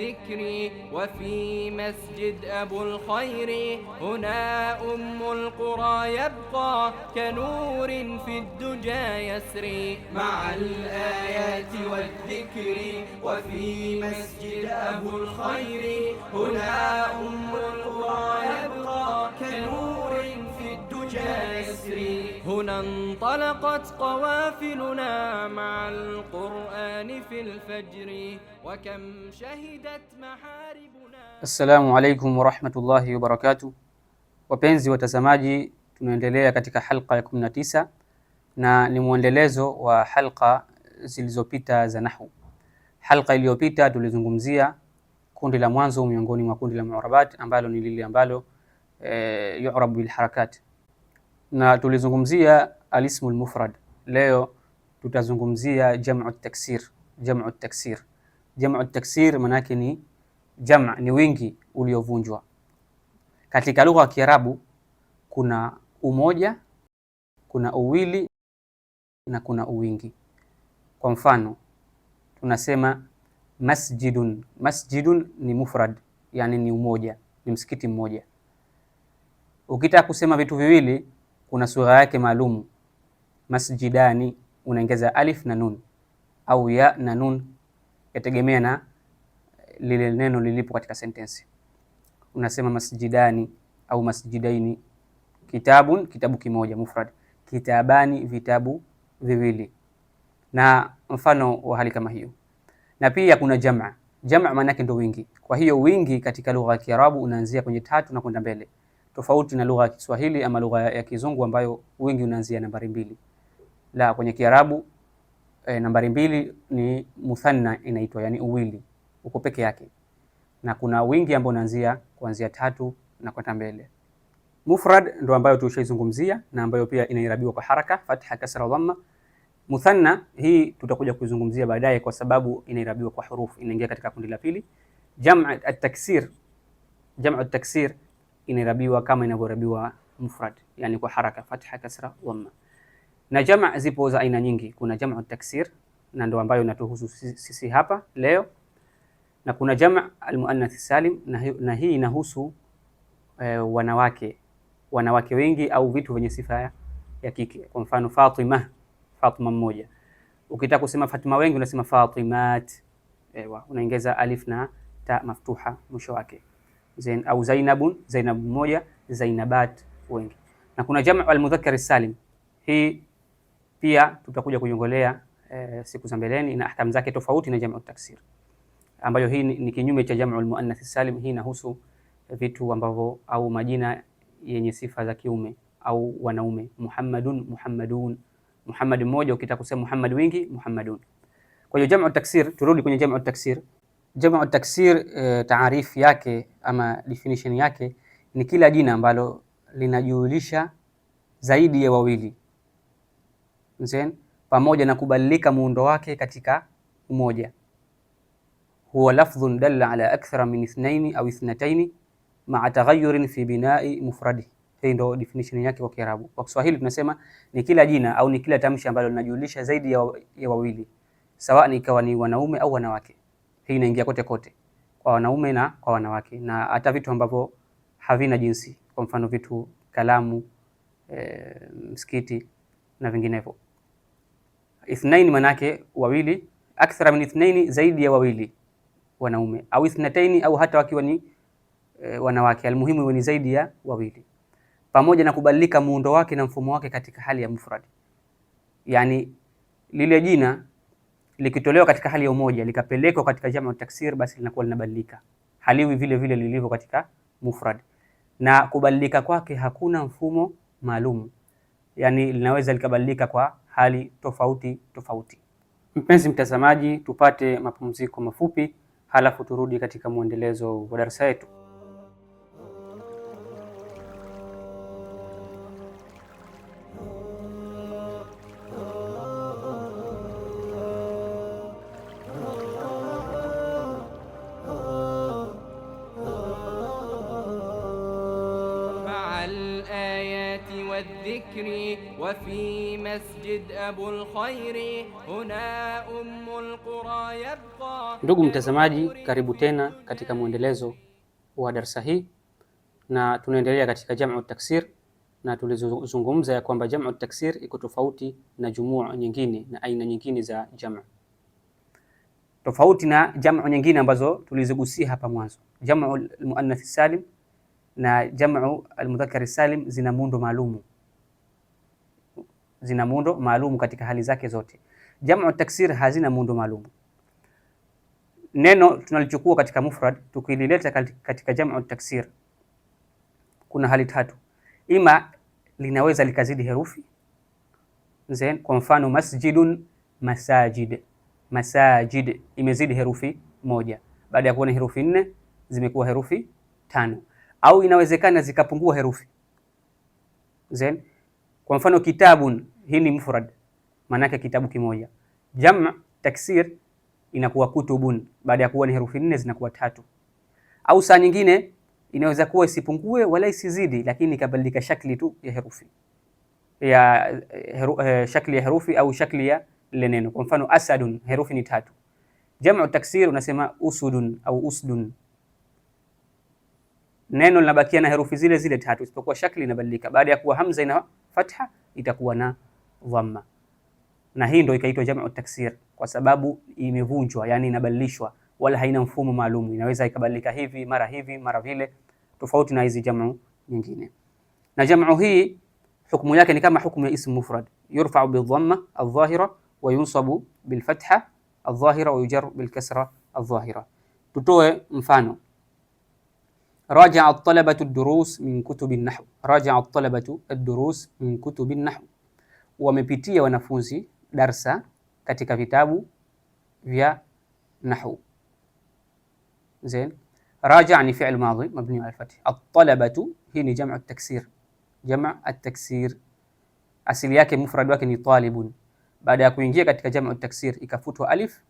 ذكري وفي مسجد أبو الخير هنا أم القرى يبقى كنور في الدجى يسري مع الآيات والذكر وفي مسجد أبو الخير هنا أم القرى يبقى كنور في الجسر هنا انطلقت قوافلنا مع القرآن في الفجر وكم شهدت محاربنا السلام عليكم ورحمة الله وبركاته Wapenzi watazamaji, tunaendelea katika halqa ya 19 na ni mwendelezo wa halqa zilizopita za nahwu. Halqa iliyopita tulizungumzia kundi la mwanzo miongoni mwa kundi la muarabat ambalo ni lile ambalo e, yurabu bilharakat na tulizungumzia alismu lmufrad. Leo tutazungumzia jamu taksir. Jamu taksir, jamu taksir maana ni jam, ni wingi uliovunjwa. Katika lugha ya Kiarabu kuna umoja, kuna uwili na kuna uwingi. Kwa mfano tunasema masjidun. Masjidun ni mufrad, yani ni umoja, ni msikiti mmoja. Ukitaka kusema vitu viwili kuna sura yake maalumu. Masjidani unaongeza alif na nun au ya na nun, yategemea na lile neno lilipo katika sentensi. Unasema masjidani au masjidaini. Kitabun, kitabu kimoja mufrad. Kitabani, vitabu viwili, na mfano wa hali kama hiyo. Na pia kuna jamaa. Jamaa maana yake ndio wingi. Kwa hiyo wingi katika lugha ya Kiarabu unaanzia kwenye tatu na kwenda mbele tofauti na lugha ya Kiswahili ama lugha ya Kizungu ambayo wingi unaanzia nambari mbili. La kwenye Kiarabu e, nambari mbili ni muthanna inaitwa, yani uwili uko peke yake, na kuna wingi ambao unaanzia kuanzia tatu na kwenda mbele. Mufrad ndo ambayo tushaizungumzia na ambayo pia inairabiwa kwa haraka fatha, kasra, dhamma. Muthanna hii tutakuja kuizungumzia baadaye, kwa sababu inairabiwa kwa hurufu, inaingia katika kundi la pili. Jam'u at-taksir, jam'u at-taksir inarabiwa kama inavyorabiwa mufrad, yani kwa haraka, fatha, kasra, dhamma. Na jamaa zipo za aina nyingi. Kuna jamaa taksir na ndo ambayo inatuhusu sisi hapa leo, na kuna jamaa almuannath salim na, hii inahusu eh, wanawake wanawake wengi au vitu vyenye sifa ya kike. Kwa mfano Fatima, Fatima mmoja. Ukitaka kusema Fatima wengi unasema Fatimat, ewa unaongeza alif na ta maftuha mwisho wake zain, au zainabun, zainab moja zainabat wengi, na kuna jamu almudhakkar salim. Hii pia tutakuja kujongolea e, eh, siku za mbeleni, na ahkam zake tofauti na jamu taksir, ambayo hii ni kinyume cha jamu almuannath salim. Hii inahusu vitu ambavyo au majina yenye sifa za kiume au wanaume, Muhammadun, Muhammadun, Muhammad mmoja. Ukitaka kusema Muhammad wingi, Muhammadun. Kwa hiyo jamu taksir, turudi kwenye jamu taksir. Jamu taksir e, eh, taarifu yake ama definition yake ni kila jina ambalo linajulisha zaidi ya wawili Mzen, pamoja na kubadilika muundo wake katika umoja. Huwa lafdhun dalla ala akthara min ithnaini au ithnataini maa taghayyurin fi binai mufradi. Hii ndio definition yake kwa Kiarabu. Kwa Kiswahili tunasema ni kila jina au ni kila tamshi ambalo linajulisha zaidi ya wawili, sawa ikawa ni wanaume au wanawake. Hii inaingia kote kote kwa wanaume na kwa wanawake, na hata vitu ambavyo havina jinsi, kwa mfano vitu kalamu, e, msikiti na vinginevyo. Ithnaini manake wawili, akthara min ithnaini, zaidi ya wawili wanaume, au ithnataini au hata wakiwa ni e, wanawake, almuhimu iwe ni zaidi ya wawili, pamoja na kubadilika muundo wake na mfumo wake katika hali ya mufrad, yani lile jina likitolewa katika hali ya umoja likapelekwa katika jamu taksir, basi linakuwa linabadilika, haliwi vile vile lilivyo katika mufrad, na kubadilika kwake hakuna mfumo maalum, yani linaweza likabadilika kwa hali tofauti tofauti. Mpenzi mtazamaji, tupate mapumziko mafupi, halafu turudi katika mwendelezo wa darasa yetu. والذكر وفي مسجد abu الخير هنا ummu القرى يبقى Ndugu mtazamaji, karibu tena katika mwendelezo wa darsa hii, na tunaendelea katika jamu taksir, na tulizozungumza ya kwamba jamu taksir iko tofauti na jumuu nyingine na aina nyingine za jamu, tofauti na jamu nyingine ambazo tulizigusia hapa mwanzo. Jamu almuannath salim na jamu almudhakkar salim zina muundo maalumu zina muundo maalum katika hali zake zote. Jamu taksir hazina muundo maalum. Neno tunalichukua katika mufrad tukilileta katika jamu taksir, kuna hali tatu, ima linaweza likazidi herufi Zen, kwa mfano masjidun, masajid, masajid imezidi herufi moja, baada ya kuona herufi nne zimekuwa herufi tano, au inawezekana zikapungua herufi Zen. Kwa mfano kitabun, hii ni mufrad, maana yake kitabu kimoja. Jam' taksir inakuwa kutubun, baada ya kuwa ni herufi nne zinakuwa tatu. Au saa nyingine inaweza kuwa isipungue wala isizidi, lakini ikabadilika shakli tu ya herufi ya heru, eh, shakli ya herufi au shakli ya lile neno. Kwa mfano asadun, herufi ni tatu. Jam'u taksir unasema usudun au usdun neno linabakia na herufi zile zile tatu, isipokuwa shakli inabadilika. Baada ya kuwa hamza ina fatha itakuwa na dhamma, na hii ndio ikaitwa jamu taksir kwa sababu imevunjwa, yani inabadilishwa, wala haina mfumo maalum. Inaweza ikabadilika hivi mara hivi mara vile, tofauti na hizi jamu nyingine. Na jamu hii hukumu yake ni kama hukumu ya ism mufrad, yurfa'u bidhamma adh-dhahira wa yunsabu bilfatha adh-dhahira wa yujarru bilkasra adh-dhahira. Tutoe mfano راجع الطلبة الدروس من كتب النحو. Raja at-talabatu ad-durus min kutubi nahw, wamepitia wanafunzi darsa katika vitabu vya nahwu. Zain, raja ni fi'l madhi mabni ala al-fath. At-talabatu hii ni jamu at-taksir, jamu at-taksir asili yake mufrad wake ni talibun. Baada ya kuingia katika jamu at-taksir ikafutwa alif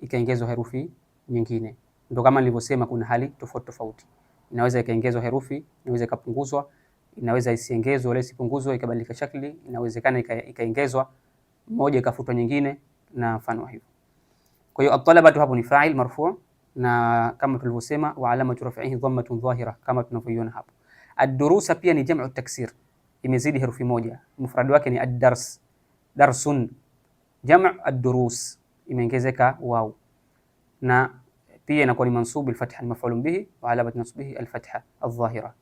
ikaongezwa herufi nyingine. Ndio kama nilivyosema, kuna hali tofauti tofauti. inaweza ikaongezwa herufi, inaweza ikapunguzwa, inaweza isiongezwe wala isipunguzwe, ikabadilika shakli, inawezekana ikaongezwa moja ikafutwa nyingine na mfano wa hivyo. Kwa hiyo at-talabatu hapo ni fa'il marfu, na kama tulivyosema, wa alamatu raf'ihi dhammatun dhahira, kama tunavyoiona hapo. Ad-durusa pia ni jam'u taksir, imezidi herufi moja, mufradi wake ni ad-dars, darsun, jam'u ad-durus, imeongezeka wau na pia inakuwa ni mansubu alfatha almaf'ul bihi wa alamat nasbihi alfatha aldhahira.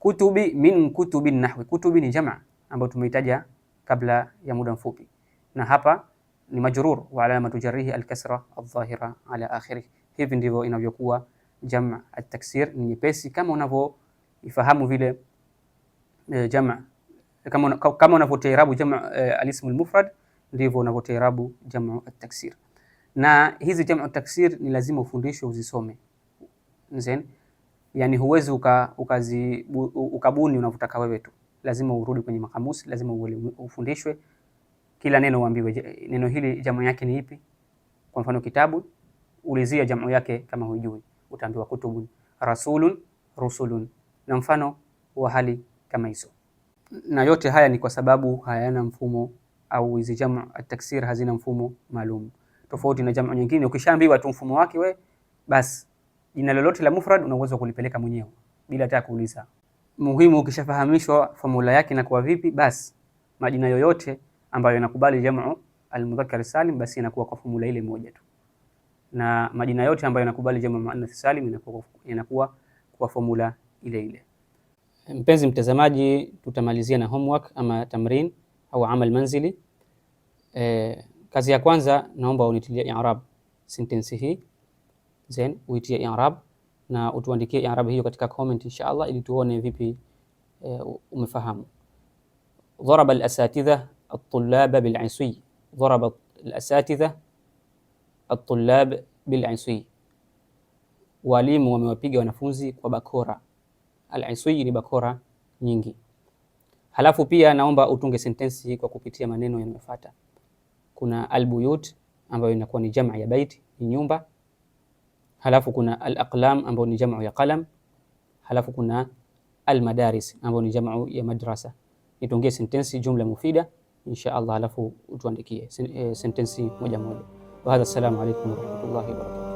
Kutubi min kutubi nahwi, kutubi ni jamaa ambayo tumeitaja kabla ya muda mfupi, na hapa ni majrur wa alamatu jarrihi alkasra aldhahira ala akhirih. Hivi ndivyo inavyokuwa jamaa. Ataksir ni nyepesi kama unavyoifahamu vile e, jamaa kama kama unavyotairabu jamaa e, alismu almufrad ndivyo unavyotairabu jamaa ataksir. na hizi jamu taksir ni lazima ufundishwe uzisome. Nzeni? Yani huwezi uka, ukazi, u, ukabuni unavyotaka wewe tu, lazima urudi kwenye makamusi, lazima ufundishwe kila neno uambiwe, neno hili jamu yake ni ipi. Kwa mfano kitabu, ulizia jamu yake kama hujui, utaambiwa kutubun, rasulun, rusulun na mfano wa hali kama hizo. Na yote haya ni kwa sababu hayana mfumo, au hizi jamu ataksir hazina mfumo maalum tofauti na jamu nyingine. Ukishaambiwa tu mfumo wake we, basi jina lolote la mufrad una uwezo kulipeleka mwenyewe bila hata kuuliza. Muhimu ukishafahamishwa formula yake inakuwa vipi, basi majina yoyote ambayo yanakubali jamu almudhakkar salim basi inakuwa kwa formula ile moja tu, na majina yote ambayo yanakubali jamu muannath salim inakuwa inakuwa kwa formula ile ile. Mpenzi mtazamaji, tutamalizia na homework ama tamrin au amal manzili eh, Kazi ya kwanza naomba unitilie i'rab sentensi hii, then uitie i'rab na utuandikie i'rab hiyo katika comment inshallah, ili tuone vipi eh, umefahamu. Dharaba al-asatidha at-tullaba bil-'iswi, dharaba al-asatidha at-tullab bil-'iswi, walimu wamewapiga wanafunzi kwa bakora. Al-'iswi ni bakora nyingi. Halafu pia naomba utunge sentensi kwa kupitia maneno yanayofuata. kuna albuyut ambayo inakuwa ni jamaa ya baiti, ni nyumba. Halafu kuna alaqlam ambayo ni jamaa ya qalam. Halafu kuna almadaris ambayo ni jamaa ya madrasa. Nitongee sentensi jumla mufida insha Allah, halafu utuandikie sentensi moja moja. Wa hadha, assalamu alaykum wa rahmatullahi wa barakatuh.